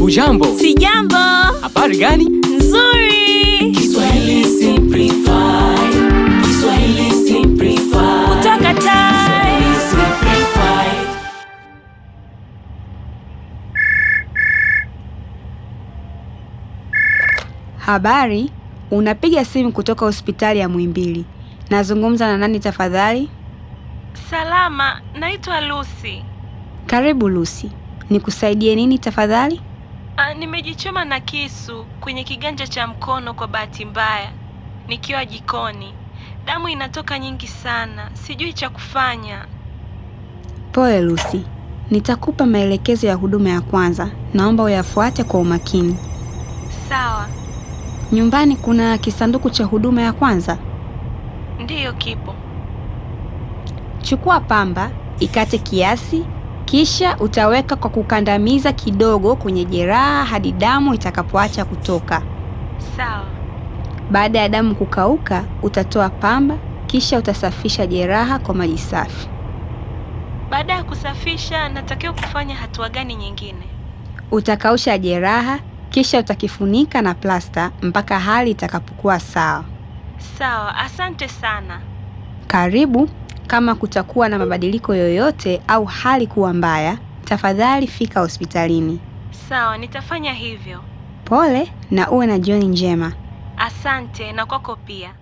Ujambo. Si jambo. Habari gani? Nzuri. Kiswahili Simplified. Kiswahili Simplified. Kutoka Tai. Simplified. Habari, unapiga simu kutoka hospitali ya Muhimbili. Nazungumza na nani tafadhali? Salama, naitwa Lucy. Karibu Lucy. Nikusaidie nini tafadhali? A, ah, nimejichoma na kisu kwenye kiganja cha mkono kwa bahati mbaya nikiwa jikoni. Damu inatoka nyingi sana, sijui cha kufanya. Pole Lucy, nitakupa maelekezo ya huduma ya kwanza, naomba uyafuate kwa umakini. Sawa. Nyumbani kuna kisanduku cha huduma ya kwanza? Ndiyo, kipo. Chukua pamba, ikate kiasi kisha utaweka kwa kukandamiza kidogo kwenye jeraha hadi damu itakapoacha kutoka. Sawa. Baada ya damu kukauka, utatoa pamba kisha utasafisha jeraha kwa maji safi. Baada ya kusafisha, natakiwa kufanya hatua gani nyingine? Utakausha jeraha kisha utakifunika na plasta mpaka hali itakapokuwa sawa. Sawa, asante sana. Karibu. Kama kutakuwa na mabadiliko yoyote au hali kuwa mbaya, tafadhali fika hospitalini. Sawa, nitafanya hivyo. Pole na uwe na jioni njema. Asante na kwako pia.